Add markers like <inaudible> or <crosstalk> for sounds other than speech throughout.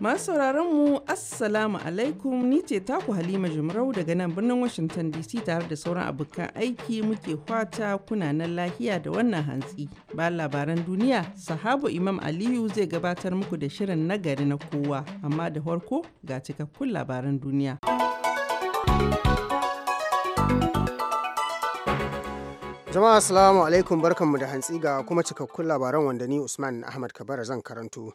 Masu mu Assalamu alaikum ni ce taku Halima Jumrau daga nan birnin Washington DC tare da sauran abokan aiki muke kwata kuna nan lahiya da wannan hantsi. Ba labaran duniya, sahabu Imam Aliyu zai gabatar muku da shirin nagari na kowa, amma da farko ga cikakkun labaran duniya. Jama'a Assalamu alaikum barkanmu da hantsi ga kuma cikakkun labaran wanda ni Usman Ahmad Kabara zan karanto.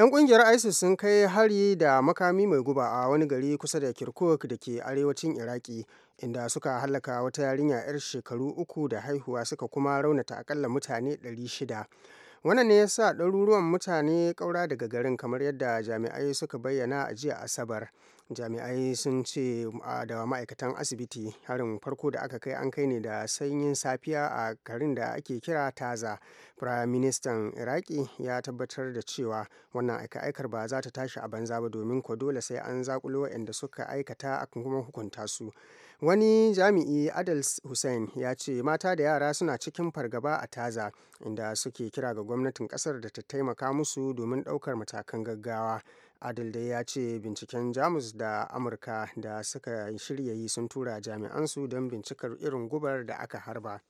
'Yan ƙungiyar ISIS sun kai hari da makami mai guba a wani gari kusa da Kirkuk da ke arewacin Iraki, inda suka hallaka wata yarinya 'yar shekaru uku da haihuwa suka kuma raunata akalla mutane 600. wannan ne ya sa ɗaruruwan mutane ƙaura daga garin kamar yadda jami'ai suka bayyana a jiya asabar jami'ai sun ce da ma'aikatan asibiti harin farko da aka kai an kai ne da sanyin safiya a garin da ake kira taza firaministan iraki ya tabbatar da cewa wannan aika-aikar ba za ta tashi a banza ba domin ko dole sai an zakulo waɗanda suka aikata a kuma hukunta su wani jami'i adal hussein ya ce mata da yara suna cikin fargaba a taza inda suke kira ga gwamnatin kasar da ta taimaka musu domin ɗaukar matakan gaggawa adil ya ce binciken jamus da amurka da suka shirya yi sun tura jami'ansu don bincikar irin gubar da aka harba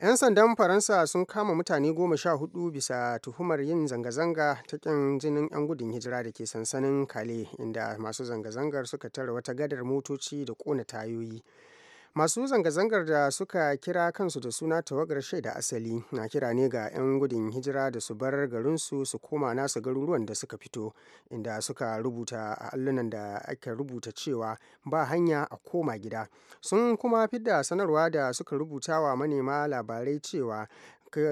'yan sandan faransa sun kama mutane goma sha hudu bisa tuhumar yin zanga-zanga ta ƙyan jinin 'yan gudun hijira da ke sansanin kale inda masu zanga-zangar suka tara wata gadar motoci da kona tayoyi masu zanga-zangar da suka kira kansu da suna tawagar shaida asali na kira ne ga 'yan gudun hijira da su bar garinsu su koma nasu garuruwan da suka fito inda suka rubuta a allunan da aka rubuta cewa ba hanya a koma gida sun kuma fidda sanarwa da suka rubuta wa manema labarai cewa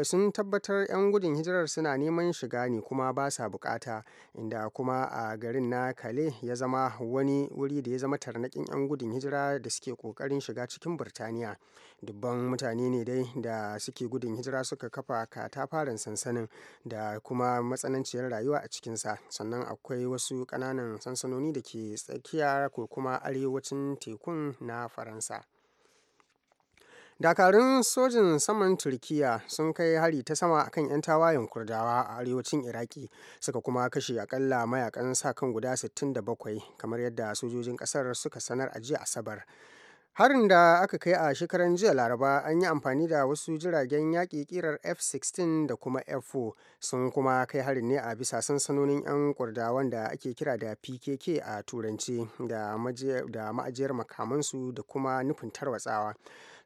sun tabbatar 'yan gudun hijirar suna neman shiga ne kuma ba sa bukata inda kuma a garin na kale ya zama wani wuri da ya zama tarnakin 'yan gudun hijira da suke kokarin shiga cikin birtaniya dubban mutane ne dai da suke gudun hijira suka kafa katafaren sansanin da kuma matsananciyar rayuwa a cikinsa sannan akwai wasu kananan sansanoni da ke tsakiya ko kuma arewacin tekun na faransa dakarun sojin saman turkiya sun kai hari ta sama kan 'yan tawayen kurdawa a arewacin iraki suka kuma kashe akalla mayakan sa kan guda 67 kamar yadda sojojin kasar suka sanar a jiya asabar harin da aka kai a shekaran jiya laraba an yi amfani da wasu jiragen yaƙi ƙirar f-16 da kuma f-4 sun kuma kai harin ne a bisa sansanonin 'yan kurdawan da ake kira da pkk a turanci da ma'ajiyar makamansu da kuma nufin tarwatsawa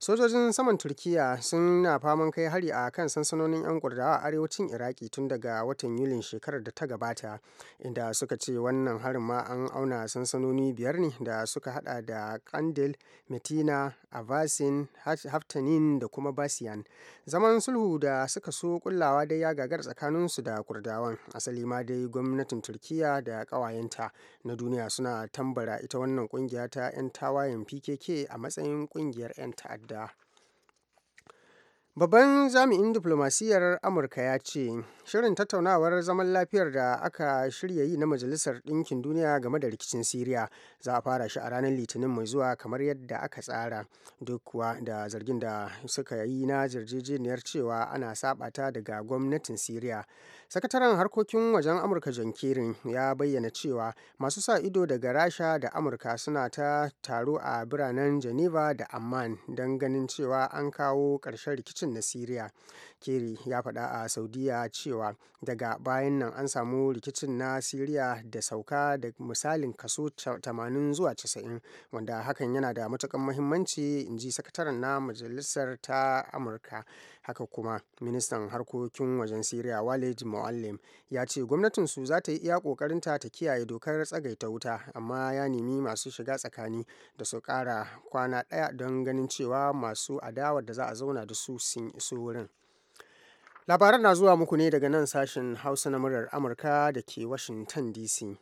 Sojojin saman Turkiyya suna faman kai hari a kan sansanonin 'yan Kurdawa a arewacin Iraki tun daga watan Yulin shekarar da ta gabata, inda suka ce wannan harin ma an auna sansanoni biyar ne da suka hada da Kandil, Metina, Avasin, Haftanin da kuma Basiyan. Zaman sulhu da suka so kullawa dai ya gagar tsakaninsu da Kurdawan, asali ma dai gwamnatin turkiya da ƙawayenta na duniya suna tambara ita wannan kungiya ta 'yan tawayen PKK a matsayin kungiyar 'yan ta'adda. Babban jami'in diflomasiyyar Amurka ya ce Shirin tattaunawar zaman lafiyar da aka shirya yi na Majalisar Ɗinkin Duniya game da rikicin Siriya za a fara shi a ranar Litinin mai zuwa kamar yadda aka tsara duk kuwa da zargin da suka yi na jirjejeniyar cewa ana sabata daga gwamnatin Siriya. Sakataren harkokin wajen Amurka John kerin ya bayyana cewa masu sa ido daga Rasha da Amurka suna ta taro a biranen Geneva da Amman don ganin cewa an kawo ƙarshen rikicin na Siriya. kerry ya faɗa a saudiya cewa daga bayan nan an samu rikicin na siriya da sauka da misalin kaso 80 zuwa 90 wanda hakan yana da matukan mahimmanci in ji sakataren na majalisar ta amurka haka kuma ministan harkokin wajen siriya walid muallim ya ce gwamnatinsu za ta yi iya ƙoƙarinta ta kiyaye dokar tsagaita wuta amma ya nemi masu shiga tsakani da su kara kwana ɗaya don ganin cewa masu adawar da za a zauna da su sun iso wurin. Labaran na zuwa muku ne daga nan sashen Hausa na murar Amurka da ke Washington DC.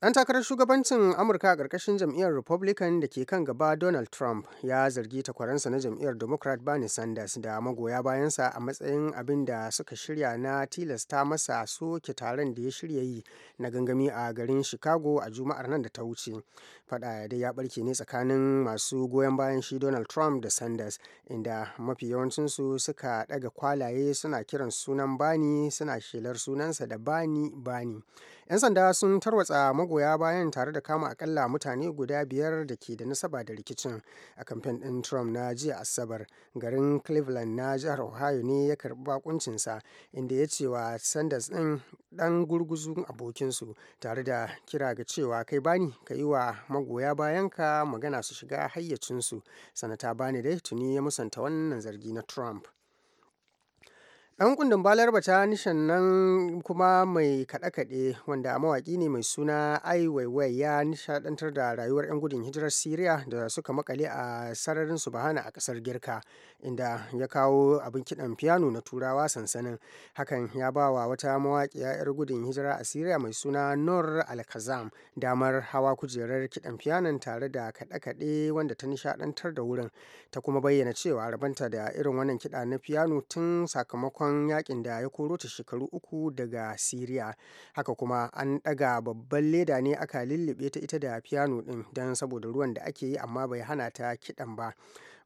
Ɗan takarar shugabancin Amurka a karkashin jam'iyyar Republican da ke kan gaba Donald Trump ya zargi takwaransa na jam'iyyar Democrat Bernie Sanders da magoya bayansa a matsayin abin da suka shirya na tilasta masa soke taron da ya shirya yi na gangami a garin Chicago a Juma'ar nan da ta wuce. Fada dai ya barke ne tsakanin masu goyon bayan shi Donald Trump da Sanders inda mafi yawancinsu suka ɗaga kwalaye suna kiran sunan bani suna shelar sunansa da bani-bani. 'Yan sanda sun tarwatsa magoya bayan tare da kama akalla mutane guda biyar da ke da nasaba da rikicin a kamfen ɗin Trump na jiya Asabar garin Cleveland na jihar Ohio ne ya karɓi bakuncinsa inda ya ce wa Sanders ɗin ɗan gurguzun abokinsu tare da kira ga cewa kai bani ka yi wa magoya bayan ka magana su shiga hayyacinsu sanata bani dai tuni ya musanta wannan zargi na Trump. Ɗan kundin balar bata nishan nan kuma mai kaɗe-kaɗe wanda mawaƙi ne mai suna Ai waiwai ya nishaɗantar da rayuwar 'yan gudun hijirar Siriya da suka makale a sararin Subhana a ƙasar Girka inda ya kawo abin kiɗan fiyano na turawa sansanin. Hakan ya ba wa wata mawaƙiya 'yar gudun hijira a Siriya mai suna Noor Alkazam damar hawa kujerar kiɗan fiyanon tare da kaɗe-kaɗe wanda ta nishaɗantar da wurin. Ta kuma bayyana cewa rabanta da irin wannan kiɗa na fiyano tun sakamakon sakamakon yakin da ya koro ta shekaru uku daga Siriya. Haka kuma an ɗaga babban leda ne aka lullube ta ita da fiyano ɗin don saboda ruwan da ake yi amma bai hana ta kiɗan ba.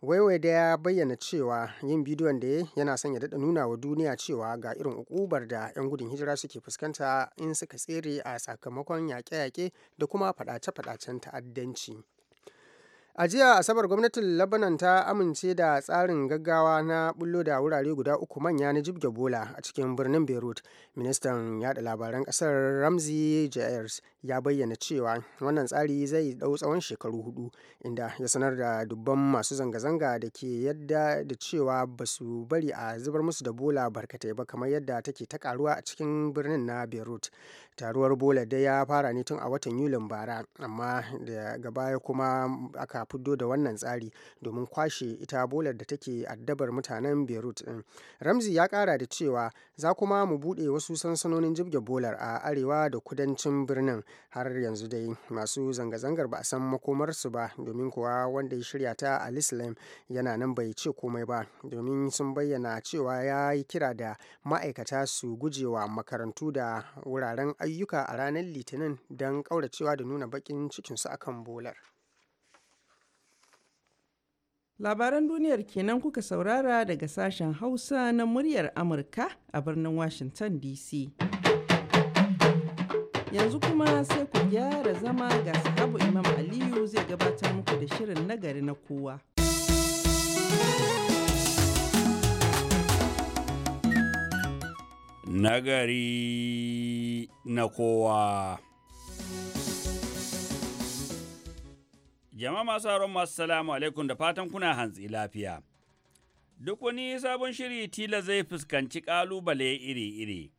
waiwai da ya bayyana cewa yin bidiyon da yana son ya daɗa nuna wa duniya cewa ga irin ukubar da 'yan gudun hijira suke fuskanta in suka tsere a sakamakon yaƙe-yaƙe da kuma faɗace-faɗacen ta'addanci. A jiya Asabar gwamnatin labanan ta amince da tsarin gaggawa na bullo da wurare guda uku manya na jibge bola a cikin birnin Beirut. Ministan yada labaran kasar Ramzi Jairs ya bayyana cewa wannan tsari zai dau tsawon shekaru hudu inda ya sanar da dubban masu zanga-zanga da ke yadda da cewa ba su bari a zubar musu da bola barkatai ba kamar yadda take ta karuwa a cikin birnin na Beirut. taruwar bola dai ya fara ne tun a watan yulin bara amma daga baya kuma aka fiddo da wannan tsari domin kwashe ita bolar da take addabar mutanen beirut din ramzi ya kara da cewa za kuma mu bude wasu sansanonin jibge bolar a arewa da kudancin birnin har yanzu dai masu zanga-zangar ba a san makomarsu ba domin kuwa wanda ya shirya ta alislam yana nan bai ce komai ba domin sun bayyana cewa ya yi kira da ma'aikata su gujewa makarantu da wuraren ayyuka ayyuka a ranar litinin don ƙauracewa da nuna baƙin cikinsu a kan bolar labaran duniyar kenan kuka saurara daga sashen hausa na muryar amurka a birnin washington dc yanzu kuma sai ku gyara zama ga sahabu imam aliyu zai gabatar muku da shirin nagari na kowa nagari na kowa. Jama'a masu haron masu salamu alaikum da fatan kuna hantsi lafiya. Duk wani sabon shiri tila zai fuskanci ƙalubale iri-iri.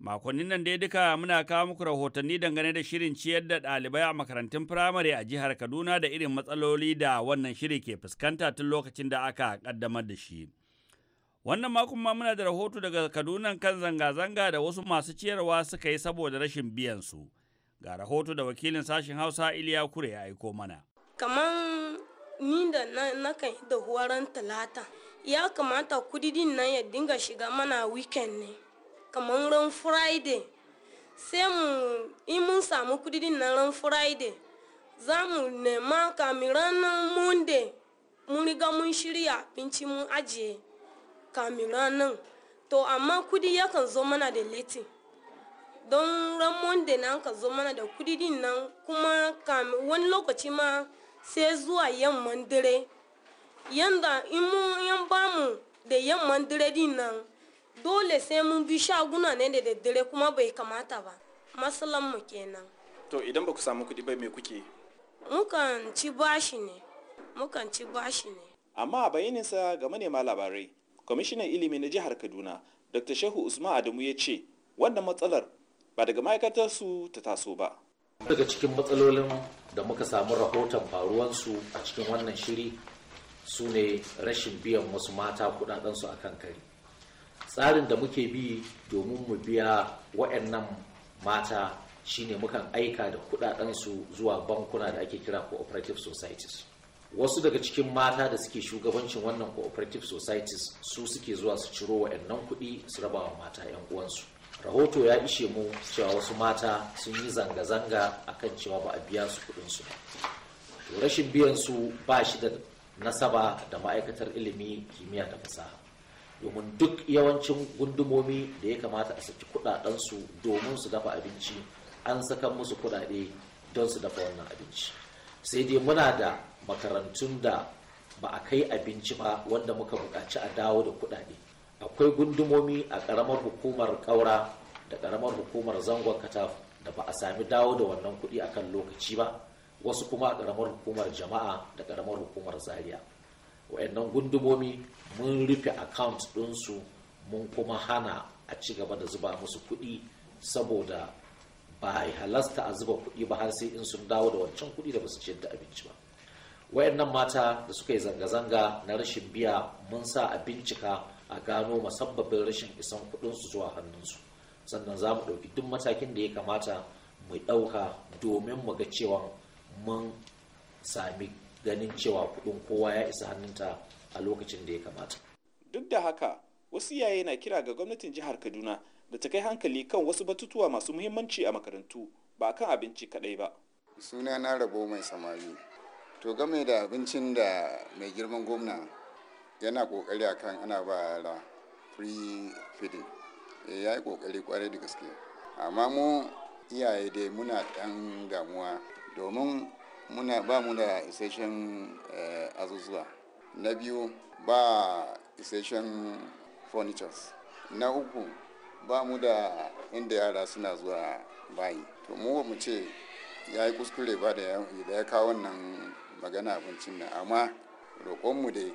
Makonnin nan dai duka muna kawo muku rahotanni dangane da shirin ciyar da ɗalibai a makarantun firamare a jihar Kaduna da irin matsaloli da wannan shiri ke fuskanta tun lokacin da aka ƙaddamar da shi. Wannan makon ma muna da rahoto daga Kaduna kan zanga-zanga da wasu masu ciyarwa suka yi saboda rashin biyan su. Ga rahoto da wakilin sashen Hausa Iliya Kure ya aiko mana. kamar ni da kan yi da huwaran talata, ya kamata kudidin nan ya dinga shiga mana weekend ne, kamar ran Friday. Sai mu in mun samu kudidin nan ran Friday, za mu nema kamar ranar Monday, mun riga mun shirya abinci mun ajiye. kamin ranan to amma kudi yakan zo mana da leti don ran da na ka zo mana da kudi din nan kuma wani lokaci ma sai zuwa yamman dire yanda in mun yan bamu da yamman dire din nan dole sai mun bi shaguna ne da daddare kuma bai kamata ba masalan mu kenan to idan ba ku samu kudi bai me kuke mukan ci bashi ne mukan ci bashi ne amma a bayaninsa ga manema labarai kwamishinan ilimi na jihar kaduna dr shehu usman adamu ya ce wannan matsalar ba daga ma'aikatar su ta taso ba daga cikin matsalolin da muka samu rahoton faruwansu a cikin wannan shiri su ne rashin biyan wasu mata kudadensu a kan kari tsarin da muke bi domin mu biya waɗannan mata shine mukan aika da kudadensu zuwa bankuna da ake kira cooperative societies wasu daga cikin mata da suke shugabancin wannan cooperative societies su suke zuwa su ciro wa 'yannan kuɗi su raba wa mata 'yan uwansu rahoto ya ishe mu cewa wasu mata sun yi zanga-zanga a kan cewa ba a biya su kuɗinsu to rashin biyan su ba shi da nasaba da ma'aikatar ilimi kimiyya da fasaha domin duk yawancin gundumomi da ya kamata a saki kuɗaɗensu domin su dafa abinci an saka musu kuɗaɗe don su dafa wannan abinci sai dai muna da makarantun da ba a kai abinci ba wanda muka buƙaci a dawo da kuɗaɗe akwai gundumomi a ƙaramar hukumar ƙaura da ƙaramar hukumar zangon kataf da ba a sami dawo da wannan kuɗi a kan lokaci ba wasu kuma a ƙaramar hukumar jama'a da ƙaramar hukumar zaria wayannan gundumomi mun rufe account su mun kuma hana a ci gaba da zuba musu kuɗi saboda ba halasta a zuba kuɗi ba har sai in sun dawo da wancan kuɗi da ba su ciyar da abinci ba wayannan mata da suka yi zanga-zanga na rashin biya mun sa a bincika a gano musabbabin rashin isan su zuwa hannunsu sannan za mu ɗauki duk matakin da ya kamata mu ɗauka domin mu ga cewa mun sami ganin cewa kudin kowa ya isa hannunta a lokacin da ya kamata duk da haka wasu iyaye na kira ga gwamnatin jihar kaduna da ta kai hankali kan wasu batutuwa masu muhimmanci a makarantu ba kan abinci kaɗai ba suna na rabo mai samari to game da abincin da mai girman gwamna yana kokari akan ana ba yara free feeding eh, ya yi kokari kwarai da gaske amma mu iyaye da muna dan damuwa domin muna ba mu da isasshen eh, azuzuwa na biyu ba isasshen furnitures na uku ba mu da inda yara suna zuwa bayi to mu mu ce ya yi kuskure ba da ya kawo wannan magana abincin nan amma roƙonmu dai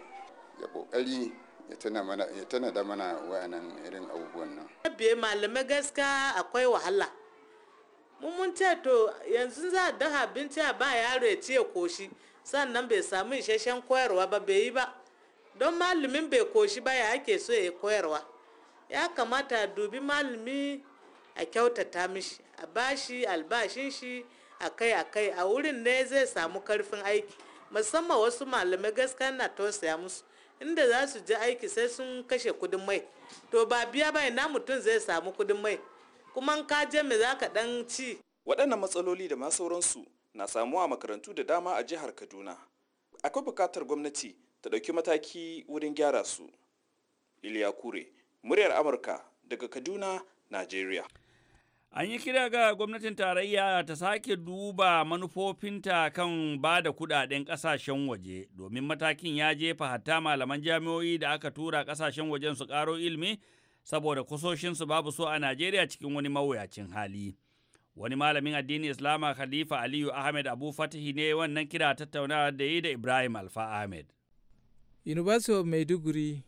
ya ƙoƙari ya tana da mana wa'anan irin abubuwan nan. Biye malamai gaska akwai wahala. Mun mun ce to yanzu za a dafa abinci a ba yaro ya ci ya koshi sannan bai samu isasshen koyarwa ba bai yi ba. Don malamin bai koshi ba ya ake so ya koyarwa. Ya kamata dubi malami a kyautata mishi a bashi albashin shi akai-akai a wurin ne zai samu karfin aiki musamman wasu malamai gaskiya na tausaya musu inda za su je aiki sai sun kashe kudin mai to ba biya ba ina mutum zai samu kudin mai kuma ka je me za ka dan ci waɗannan matsaloli da ma sauransu na samuwa makarantu da dama a jihar kaduna akwai buƙatar gwamnati ta ɗauki mataki wurin gyara su iliya kure muryar amurka daga kaduna najeriya An yi kira ga gwamnatin tarayya ta sake duba manufofinta kan ba da kudaden kasashen waje domin matakin ya jefa hatta malaman jami'o'i da aka tura kasashen wajen su karo ilimi saboda kusoshinsu babu so a Najeriya cikin wani mawuyacin hali. Wani malamin addini Islama Khalifa Aliyu Ahmed Abu Fatihi ne wannan kira tattaunawa da yi da Ibrahim Alfa Ahmed. University of Maiduguri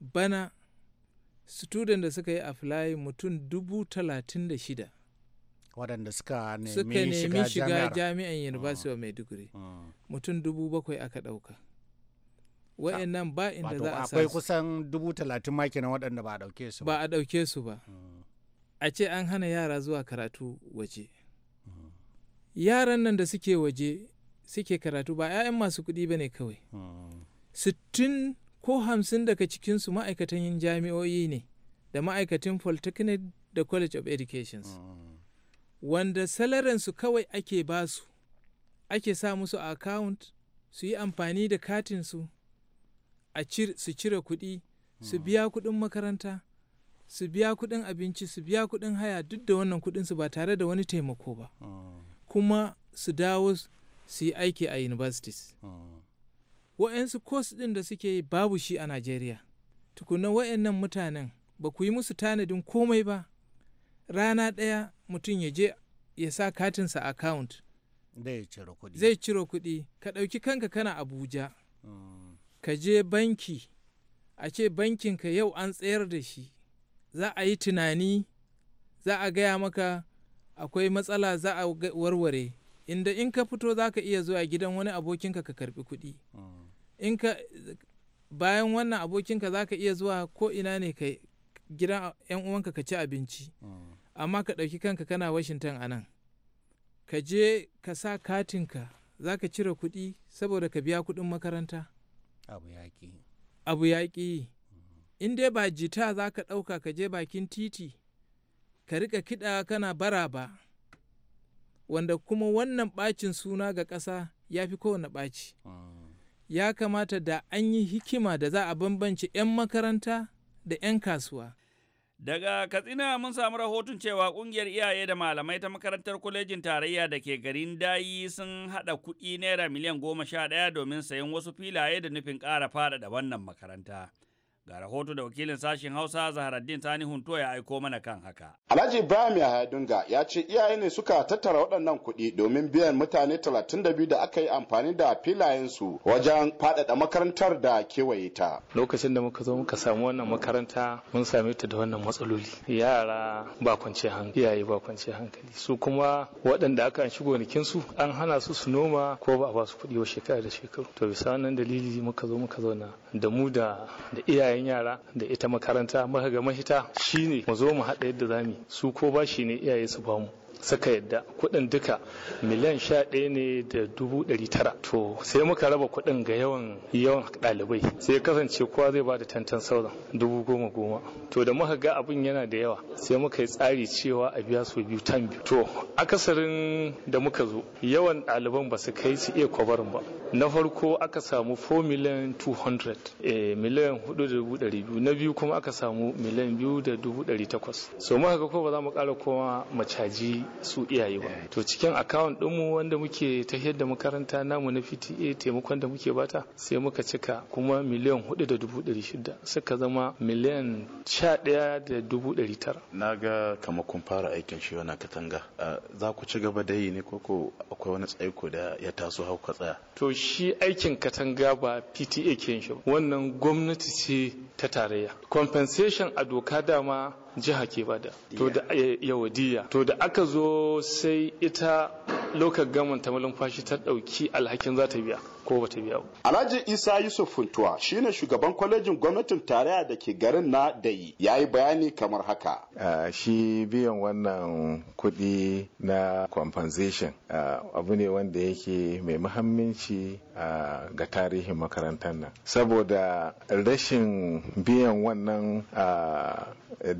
bana student da suka yi apply mutum dubu talatin da shida waɗanda suka nemi shiga jami'an university ah. of maiduguri ah. mutum dubu bakwai aka ɗauka wa'annan ba inda za a akwai kusan dubu talatin maki na waɗanda ba a ɗauke su ba a ɗauke su ba a ah. ce an hana yara zuwa karatu waje yaran nan da suke waje suke karatu ba 'ya'yan masu kuɗi ba ne kawai ko hamsin daga cikinsu ma'aikatan yin jami'o'i ne da ma'aikatan polytechnic da college of education mm. wanda salaransu kawai ake ba su ake sa musu a account su yi amfani da katinsu su cire kuɗi su mm. biya kuɗin makaranta su biya kuɗin abinci su biya kuɗin haya duk da wannan kuɗinsu ba tare da wani taimako ba mm. kuma su dawo su yi aiki a universities. wa'yansu kos ɗin da suke yi babu shi a najeriya tukunan wa'yannan mutanen ba ku yi musu tanadin komai ba rana ɗaya mutum ya je ya sa katinsa account zai ciro kuɗi ka ɗauki kanka kana abuja mm. ka je banki a ce bankinka yau an tsayar da shi za a yi tunani za a gaya maka akwai matsala za a warware inda in ka fito za ka iya zuwa gidan wani abokinka ka karbi kuɗi mm. in ka bayan wannan abokinka za ka iya zuwa ko ina ne ka gidan yan uwanka ka ci abinci mm. amma ka ɗauki kanka kana washington a nan ka je ka sa katinka za ka cire kuɗi saboda ka biya kuɗin makaranta abu yaƙi abu yaƙi mm. in dai ba jita za ka ɗauka ka je bakin titi ka riƙa kiɗa kana bara ba wanda kuma wannan ɓacin suna ga ƙasa ya fi kowane ɓaci. Mm. ya kamata da an yi hikima da za a bambance 'yan makaranta da 'yan kasuwa. Daga Katsina mun samu rahoton cewa ƙungiyar iyaye da malamai ta makarantar kwalejin tarayya da ke garin dayi sun haɗa kuɗi naira miliyan goma sha ɗaya domin sayan wasu filaye da nufin ƙara faɗaɗa wannan makaranta. Ga rahoto da wakilin sashen Hausa Zaharaddin Sani Hunto ya aiko mana kan haka. Alhaji Ibrahim Yahaya Dunga ya ce iyaye ne suka tattara waɗannan kuɗi domin biyan mutane 32 da aka yi amfani da filayensu wajen faɗaɗa makarantar da kewaye ta. Lokacin da muka zo muka samu wannan makaranta mun same ta da wannan matsaloli. Yara ba kwance hankali, iyaye ba kwance hankali. Su kuma waɗanda aka an shigo su an hana su su noma ko ba a ba su kuɗi wa shekara da shekaru. To bisa wannan dalili muka zo muka zauna da mu da iyaye iyayen yara da ita makaranta muka ga mahita shine mu zo mu haɗa yadda zamu su ko bashi ne iyaye su bamu suka yadda kuɗin duka miliyan sha ɗaya ne da dubu ɗari tara to sai muka raba kuɗin ga yawan yawan ɗalibai sai ya kasance kowa zai ba da tantan sauran dubu goma goma to da muka ga abin yana da yawa sai muka yi tsari cewa a biya su biyu tan biyu to akasarin da muka zo yawan ɗaliban ba su kai su iya kwabarin ba na farko aka samu 4 miliyan 200 eh miliyan 4,200 na biyu kuma aka samu miliyan 2,800 so muka ga ko ba za mu ƙara koma macaji su iyaye ba to cikin account ɗinmu wanda muke tafiyar da makaranta namu na PTA taimakon da muke bata sai muka cika kuma miliyan hudu da suka zama miliyan sha ɗaya da tara. Na ga kamar kun fara aikin shi wani katanga za ku ci gaba da yi ne koko akwai wani tsaiko da ya taso hau ka tsaya. To shi aikin katanga ba PTA ke yin shi wannan gwamnati ce ta tarayya compensation a doka dama jiha ke bada to da eh, yawadiyya to da aka zo sai ita lokar gaman ta malumfashi ta ɗauki alhakin za ta biya ko ba ta biya ba. Alhaji Isa Yusuf Funtuwa shine shugaban kwalejin gwamnatin tarayya da ke garin na Dayi ya yi bayani kamar haka. shi biyan wannan kuɗi na compensation abu ne wanda yake mai muhammanci ga tarihin makarantar nan saboda rashin biyan wannan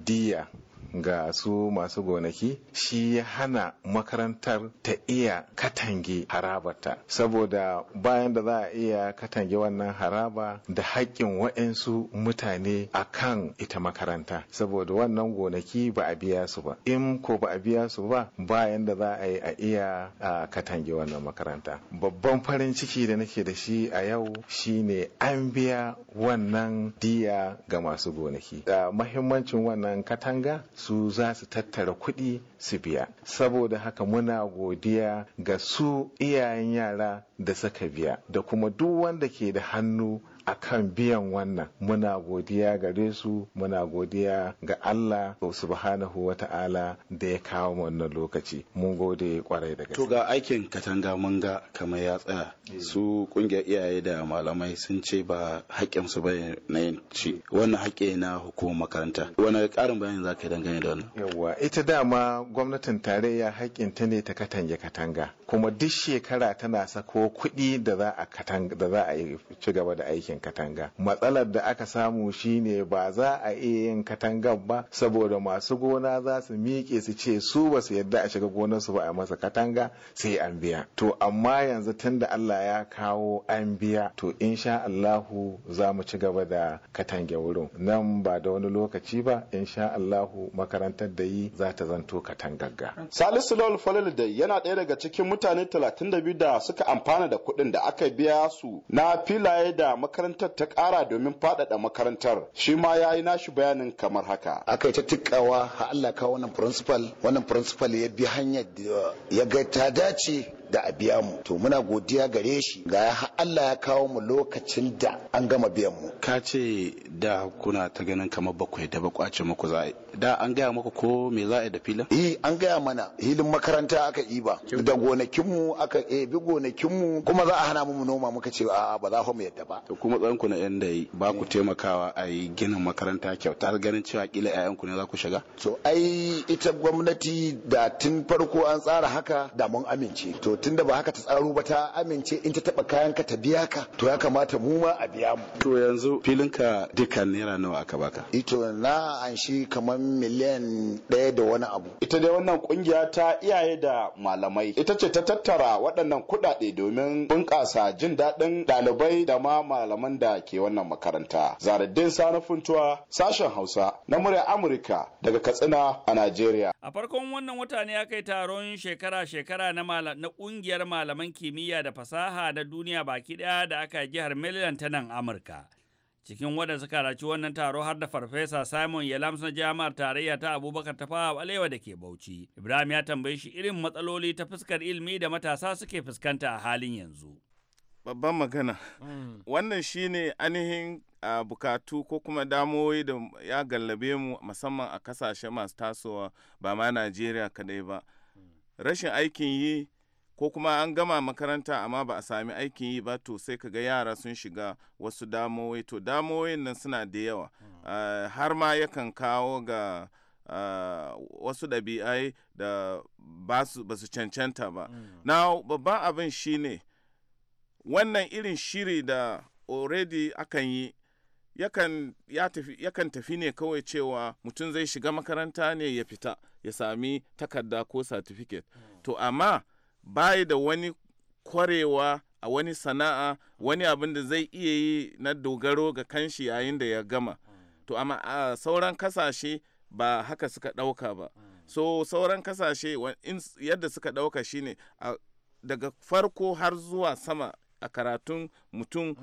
diya ga su masu gonaki shi ya hana makarantar ta iya katange harabata saboda bayan da za a iya katange wannan haraba da haƙƙin waɗansu mutane a kan ita makaranta saboda wannan gonaki ba a biya su ba in ko ba a biya su ba bayan da za a yi a iya katange wannan makaranta babban farin ciki da nake da shi a yau shine an biya wannan diya ga masu gonaki da mahimmancin wannan katanga su za su tattara kuɗi su biya saboda haka muna godiya ga su iyayen yara da suka biya da kuma duk wanda ke da hannu a kan biyan wannan muna godiya gare su muna godiya ga Allah subhanahu wa ta'ala da ya kawo wannan lokaci mun gode kwarai da to ga aikin katanga mun ga kamar ya tsaya mm. su kungiyar iyaye da malamai sun ce ba haƙƙin su bane na yin ci wannan haƙƙi na hukumar makaranta wani ƙarin bayani zaka yi dangane da wannan yawa ita dama gwamnatin tarayya haƙƙin ta ne ta katange katanga kuma duk shekara tana sako kuɗi da za a da za a ci gaba da aikin yin katanga matsalar da aka samu shine ba za a iya yin katangan ba saboda masu gona za su miƙe su ce su ba su yadda a shiga su ba a masa katanga sai an biya to amma yanzu tunda Allah ya kawo an biya to insha Allahu za mu ci gaba da katange wurin nan ba da wani lokaci ba insha Allahu makarantar da yi za ta zanto katangagga Salisu Lawal Falalu da yana ɗaya daga cikin mutane 32 da suka amfana da kuɗin da aka biya su na filaye da makarantar makarantar ta ƙara domin faɗaɗa makarantar shi ma ya yi nashi bayanin kamar haka aka yi ta tikkawa ha Allah kawo wannan principal wannan principal ya bi hanyar ya ga ta dace da a biya mu to muna godiya gare shi ga Allah ya kawo mu lokacin da an gama biyan mu ka ce da kuna ta ganin kamar bakwai da ba kwace muku za da an gaya muku ko me za a da filin eh an gaya mana hilin makaranta aka iba da gonakin mu aka bi gonakin mu kuma za a hana mu noma muka ce a'a ba za mu yadda ba to kuma ku na yan da ba ku taimakawa a yi ginin makaranta kyauta ganin cewa kila ku ne za ku shiga to ai ita gwamnati da tun farko an tsara haka da mun amince to Tun da ba haka ta tsaro ba ta amince in ta taba kayan ka ta biya ka to ya kamata mu ma a biya mu to yanzu filin ka duka naira nawa aka baka ito na an shi kamar miliyan ɗaya da wani abu ita dai wannan kungiya ta iyaye da malamai ita ce ta tattara waɗannan kuɗaɗe domin bunƙasa jin daɗin ɗalibai da ma malaman da ke wannan makaranta zaradin Funtuwa, sashen hausa na murya amurka daga katsina a najeriya a farkon wannan wata ne aka yi taron shekara-shekara na ƙungiyar malaman kimiyya da fasaha na duniya baki ɗaya da aka jihar Maryland ta nan Amurka. Cikin waɗanda suka halarci wannan taro har da Farfesa Simon Yalams na jami'ar tarayya ta Abubakar ta fawa alewa da ke Bauchi. Ibrahim ya tambaye shi irin matsaloli ta fuskar ilimi da matasa suke fuskanta a halin yanzu. Babban magana. Wannan shine ainihin a bukatu ko kuma damoyi da ya gallabe mu musamman a kasashe masu tasowa ba ma najeriya kadai ba rashin aikin yi ko kuma an gama makaranta amma ba a sami aikin yi ba to sai ka ga yara sun shiga wasu damowai to damowayin nan suna da yawa hmm. eh, har ma yakan kawo ga eh, wasu ɗabi'ai da ba su cancanta ba hmm. na babban abin shine wannan irin shiri da already akan yi yakan tafi ne kawai cewa mutum zai shiga makaranta ne ya fita ya sami takarda ko certificate hmm. to amma bayi da wani kwarewa a wani sana'a wani abin da zai iya yi na dogaro ga kanshi yayin da ya gama to amma a sauran kasashe ba haka suka ɗauka ba so sauran kasashe yadda suka ɗauka shine daga farko har zuwa sama a karatun mutum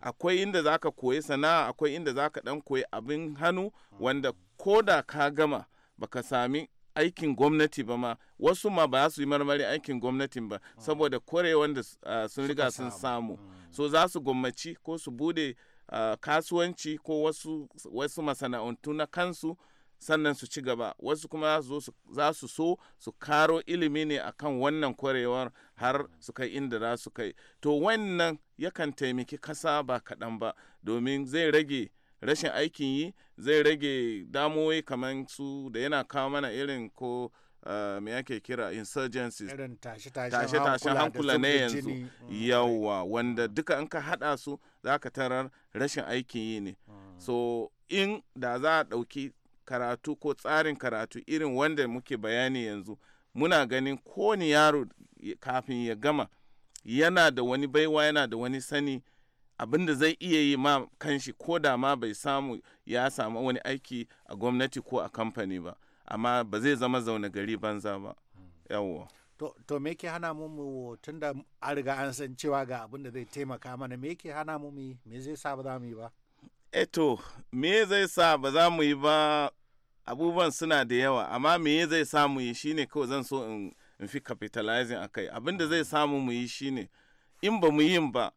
akwai inda za ka koyi sana'a akwai inda za ka dan koyi abin hannu wanda ko da ka gama baka sami aikin gwamnati ba ma wasu ma ba su yi marmari aikin gwamnatin ba mm. saboda kwarewan da ah, sun riga sun samu mm. so za su gwammaci ko su bude ah, kasuwanci ko wasu wasu masana'antu na kansu sannan su ci gaba wasu kuma za su so su karo ilimi ne akan wannan kwarewar har mm. su kai inda za su kai to wannan yakan taimaki kasa ba kaɗan ba domin zai rage rashin aikin yi zai rage damuwai kamar su da yana kawo mana irin ko ah, me yake kira insurgencies tashe-tashen hankula na yanzu mm, yawa wanda duka in ka hada su za ka tarar rashin aikin yi ne mm. so in da za a ɗauki karatu ko tsarin karatu irin wanda muke bayani yanzu muna ganin kowane yaro kafin ya gama yana da wani baiwa yana da wani sani abin da zai iya yi ma kanshi ko da ma bai samu ya samu wani aiki a gwamnati ko a kamfani ba amma ba zai zama zaune gari banza ba yawo. to, to me ke hana mu tun da an riga an san cewa ga abin da zai taimaka mana me ke hana mu mu me zai sa ba za mu yi ba eto me zai sa ba za mu yi ba abubuwan suna da yawa amma me zai sa mu yi shine kawai zan so in fi capitalizing akai abin da zai samu mu yi shine in ba mu yin ba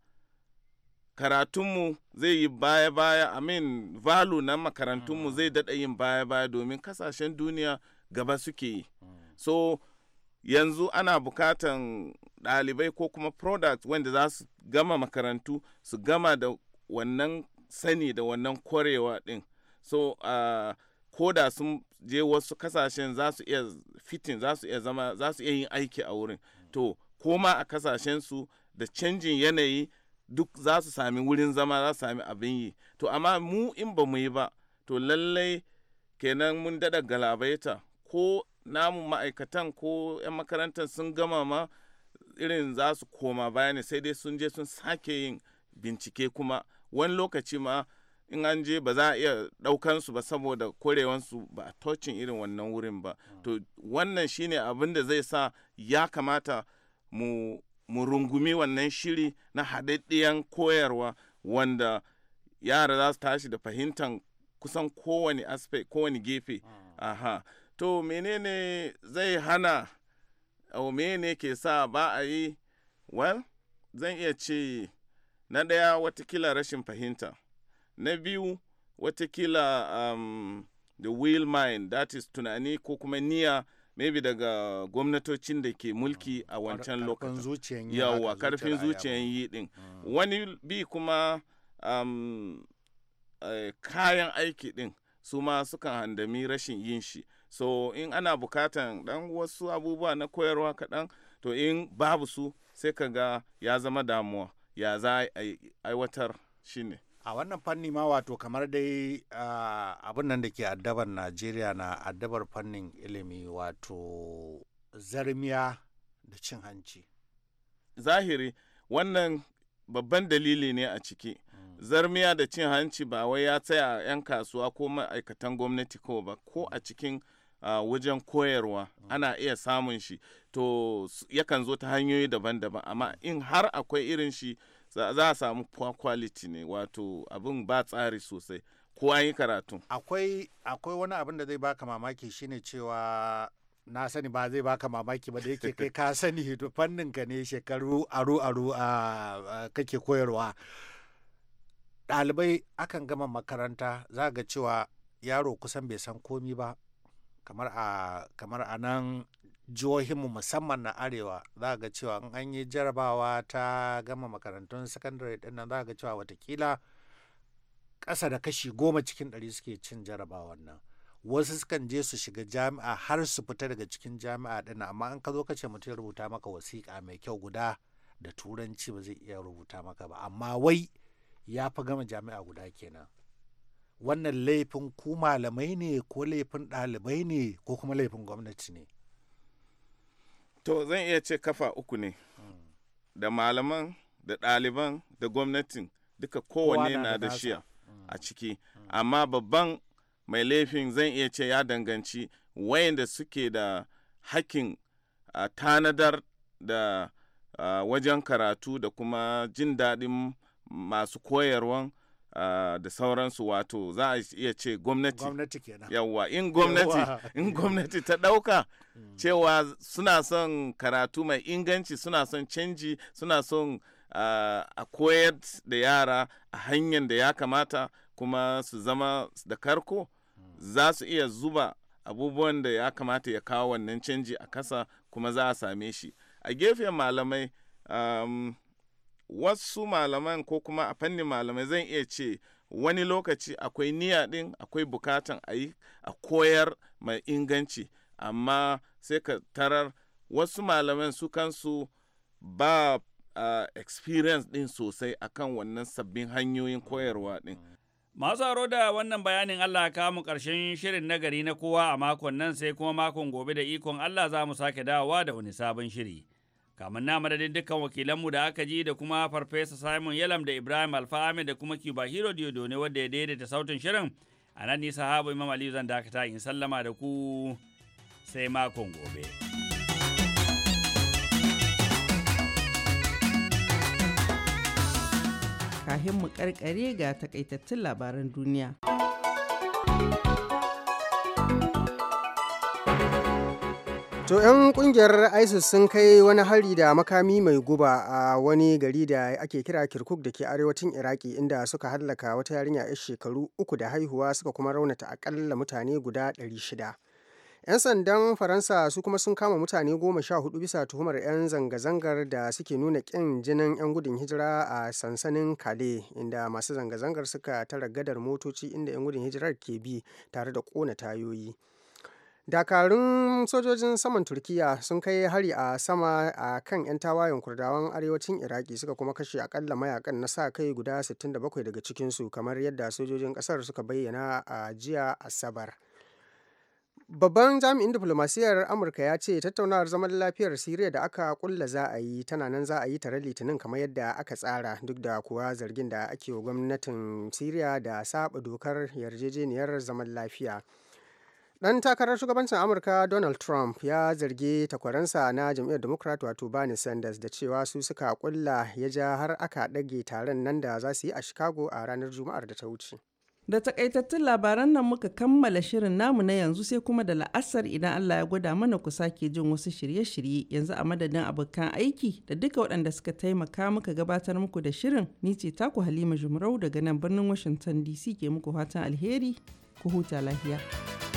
karatunmu zai yi baya-baya amin valu na makarantunmu zai daɗa yin baya-baya domin kasashen duniya gaba suke yi so yanzu ana bukatan ɗalibai ko kuma product wanda za su gama makarantu su gama da wannan sani da wannan kwarewa ɗin so uh, ko da sun je wasu kasashen za su iya fitin za su iya zama za su iya yin aiki a wurin to koma a kasashen su da canjin yanayi duk za su sami wurin zama za su sami abin yi to amma mu in ba mu yi ba to lallai kenan mun daɗa galabaita ko namu ma'aikatan ko 'yan makarantar sun gama ma irin za su koma bayani sai dai sun je sun sake yin bincike kuma wani lokaci ma in an je ba za a iya ɗaukansu ba saboda korewansu ba a tocin irin wannan wurin ba mm. to wannan shine abin da zai sa ya kamata mu mu rungumi wannan shiri na haɗaɗɗiyan koyarwa wanda yara za su tashi da fahimtar kusan kowane aspect kowane gefe ah. aha to menene zai hana au mene ke sa ba a yi well zan iya ce na ɗaya watakila rashin fahimta na biyu watakila um, the will mind that is tunani ko kuma niya. maybe daga gwamnatocin da ke mulki a wancan lokacin yawa karfin zuciyan yi din mm. wani bi kuma um, kayan aiki din su ma sukan handami rashin yin shi so in ana bukatan dan wasu abubuwa na koyarwa kaɗan to in babu su sai ka ga ya zama damuwa ya za a aiwatar ne. a wannan fanni ma wato kamar dai abin nan da ke addabar najeriya na addabar fannin ilimi wato zarmiya da cin hanci zahiri wannan babban dalili ne a ciki mm. zarmiya da cin hanci ba wai ya tsaya a 'yan kasuwa ko ma'aikatan gwamnati ko ba ko a cikin wajen koyarwa mm. ana iya samun shi to yakan zo ta hanyoyi daban-daban amma in har akwai irin shi za a samu quality ne wato abin ba tsari sosai ko an yi karatu akwai wani abin da zai baka mamaki shine cewa na sani ba zai baka mamaki ba da yake kai ka <laughs> sani hito fannin ka ne shekaru aru aru a kake koyarwa ɗalibai akan gama makaranta za ga cewa yaro kusan bai san komi ba kamar kamar a nan mu musamman na arewa za ga cewa in an yi jarabawa ta gama makarantun sakandare din nan za ga cewa watakila kasa da kashi goma cikin ɗari suke cin jarabawan nan wasu sukan je su shiga jami'a har su fita daga cikin jami'a din amma an ka zo ka ce mutum rubuta maka wasiƙa mai kyau guda da turanci ba zai iya rubuta maka ba amma wai ya fi gama jami'a guda kenan wannan laifin ku malamai ne ko laifin ɗalibai ne ko kuma laifin gwamnati ne to zan iya ce kafa uku ne da malaman da ɗaliban da gwamnatin duka kowanne na da shiya mm. a ciki amma babban mai laifin zan iya ce ya danganci wayanda suke da hakkin tanadar da wajen karatu da kuma jin daɗin masu koyarwan Ah, da sauransu wato za a iya ce gwamnati yawwa in gwamnati <laughs> in gwamnati ta dauka mm. cewa suna son karatu mai inganci suna son canji suna son ah, a koyar da yara a hanyar da ya kamata kuma su zama da karko mm. za su iya zuba abubuwan da ya kamata ya kawo wannan canji a kasa kuma za a same shi a gefen malamai um, wasu malaman ko kuma a fannin malamai zan iya ce wani lokaci akwai niyya din akwai bukatan a yi a koyar mai inganci amma sai ka tarar wasu malaman su kansu ba uh, experience din sosai akan wannan sabbin hanyoyin koyarwa din Masu aro da wannan bayanin Allah ka mu ƙarshen shirin nagari na kowa a makon nan sai kuma makon gobe da ikon Allah za mu sake dawowa da wani sabon shiri. kamar na madadin dukkan wakilanmu da aka ji da kuma Farfesa Simon Yalam da Ibrahim Alfahame da kuma Kiba Hero Diodo ne wadda ya daidaita sautin shirin. A nan ni habu Imam Aliyu zan dakata in sallama da ku sai makon gobe. Kahin mu karkare ga takaitattun labaran duniya. To 'yan kungiyar ISIS sun kai wani hari da makami mai guba a wani gari da ake kira Kirkuk da ke arewacin Iraki inda suka hallaka wata yarinya 'yar shekaru uku da haihuwa suka kuma raunata akalla mutane guda 600. 'Yan sandan Faransa su kuma sun kama mutane goma sha hudu bisa tuhumar 'yan zanga-zangar da suke nuna ƙin jinin 'yan gudun hijira a sansanin Kale inda masu zanga-zangar suka tara gadar motoci inda 'yan gudun hijirar ke bi tare da kona tayoyi. dakarun sojojin saman turkiya sun kai hari a sama a kan 'yan tawayen kurdawan arewacin iraki suka kuma kashe akalla mayakan na sa kai guda 67 daga cikinsu kamar yadda sojojin kasar suka bayyana a jiya asabar babban jami'in diflomasiyyar amurka ya ce tattaunawar zaman lafiyar siriya da aka kulla za a yi tana nan za a yi tare litinin kamar yadda aka tsara duk da kuwa zargin da ake wa gwamnatin siriya da saba dokar yarjejeniyar zaman lafiya Dan takarar shugabancin Amurka Donald Trump ya zargi takwaransa na jam'iyyar Democrat wato Bernie Sanders da cewa su suka kulla ya ja har aka ɗage taron nan da za su yi a Chicago a ranar Juma'ar da ta wuce. Da takaitattun labaran nan muka kammala shirin namu na yanzu sai kuma da la'asar idan Allah ya gwada mana ku sake jin wasu shirye-shirye yanzu a madadin abokan aiki da duka waɗanda suka taimaka muka gabatar muku da shirin ni ce taku Halima Jumrau daga nan birnin Washington DC ke muku fatan alheri ku huta lafiya.